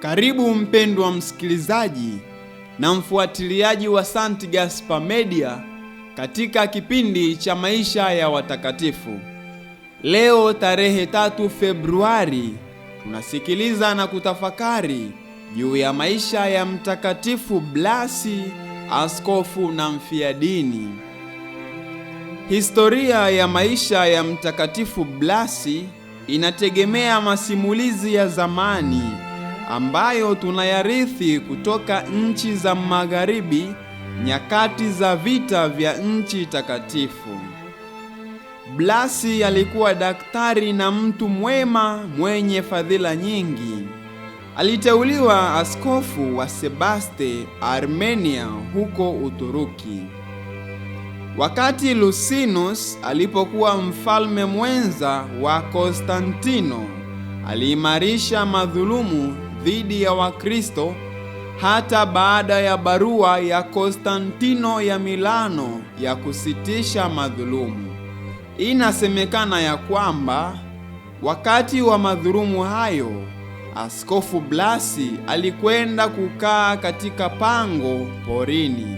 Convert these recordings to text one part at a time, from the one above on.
Karibu mpendwa msikilizaji na mfuatiliaji wa St. Gaspar Media katika kipindi cha maisha ya watakatifu. Leo tarehe tatu Februari tunasikiliza na kutafakari juu ya maisha ya Mtakatifu Blasi, askofu na mfiadini. Historia ya maisha ya Mtakatifu Blasi inategemea masimulizi ya zamani ambayo tunayarithi kutoka nchi za magharibi nyakati za vita vya nchi takatifu. Blasi alikuwa daktari na mtu mwema mwenye fadhila nyingi. Aliteuliwa askofu wa Sebaste, Armenia huko Uturuki. Wakati Lusinus alipokuwa mfalme mwenza wa Konstantino, aliimarisha madhulumu dhidi ya Wakristo hata baada ya barua ya Konstantino ya Milano ya kusitisha madhulumu. Inasemekana ya kwamba wakati wa madhulumu hayo Askofu Blasi alikwenda kukaa katika pango porini.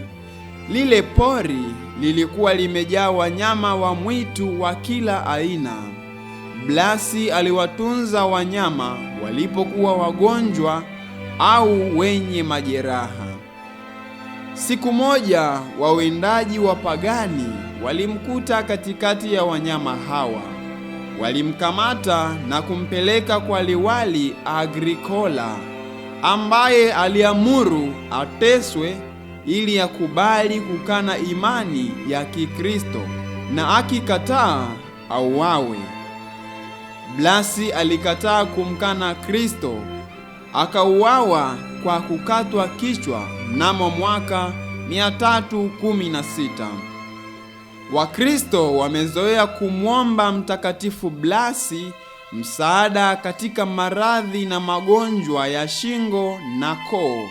Lile pori lilikuwa limejaa wanyama wa mwitu wa kila aina. Blasi aliwatunza wanyama walipokuwa wagonjwa au wenye majeraha. Siku moja wawindaji wapagani walimkuta katikati ya wanyama hawa. Walimkamata na kumpeleka kwa liwali Agrikola ambaye aliamuru ateswe ili akubali kukana imani ya Kikristo na akikataa auawe. Blasi alikataa kumkana Kristo, akauawa kwa kukatwa kichwa mnamo mwaka 316. Wakristo wamezoea kumwomba Mtakatifu Blasi msaada katika maradhi na magonjwa ya shingo na koo,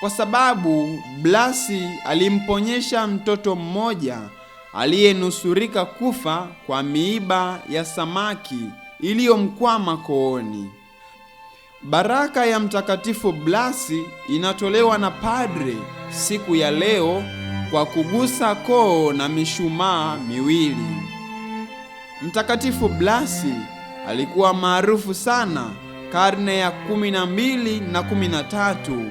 kwa sababu Blasi alimponyesha mtoto mmoja aliyenusurika kufa kwa miiba ya samaki iliyomkwama kooni. Baraka ya Mtakatifu Blasi inatolewa na padre siku ya leo kwa kugusa koo na mishumaa miwili. Mtakatifu Blasi alikuwa maarufu sana karne ya kumi na mbili na kumi na tatu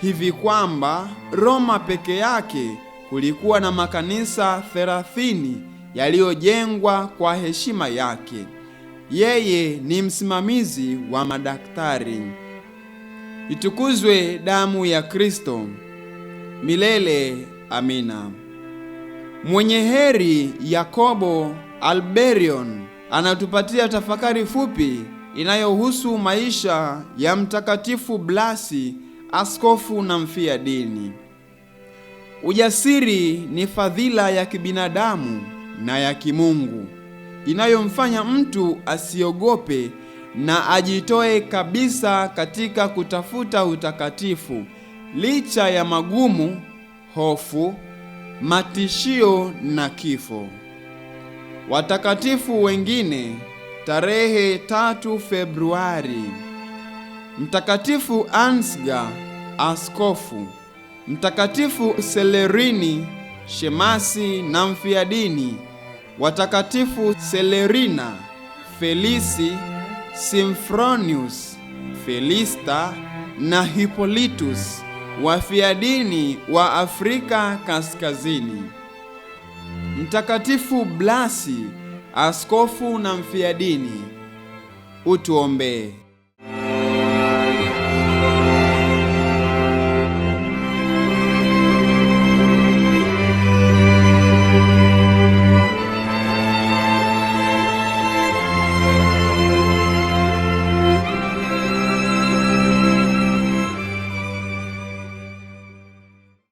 hivi kwamba Roma peke yake kulikuwa na makanisa 30 yaliyojengwa kwa heshima yake. Yeye ni msimamizi wa madaktari. Itukuzwe damu ya Kristo! Milele amina. Mwenye heri Yakobo Alberion anatupatia tafakari fupi inayohusu maisha ya Mtakatifu Blasi, askofu na mfia dini. Ujasiri ni fadhila ya kibinadamu na ya kimungu inayomfanya mtu asiogope na ajitoe kabisa katika kutafuta utakatifu licha ya magumu, hofu, matishio na kifo. Watakatifu wengine tarehe tatu Februari: Mtakatifu Ansgar askofu, Mtakatifu Selerini shemasi na mfiadini. Watakatifu Selerina, Felisi, Simfronius, Felista na Hipolitus, wafiadini wa Afrika Kaskazini. Mtakatifu Blasi, askofu na mfiadini, utuombee.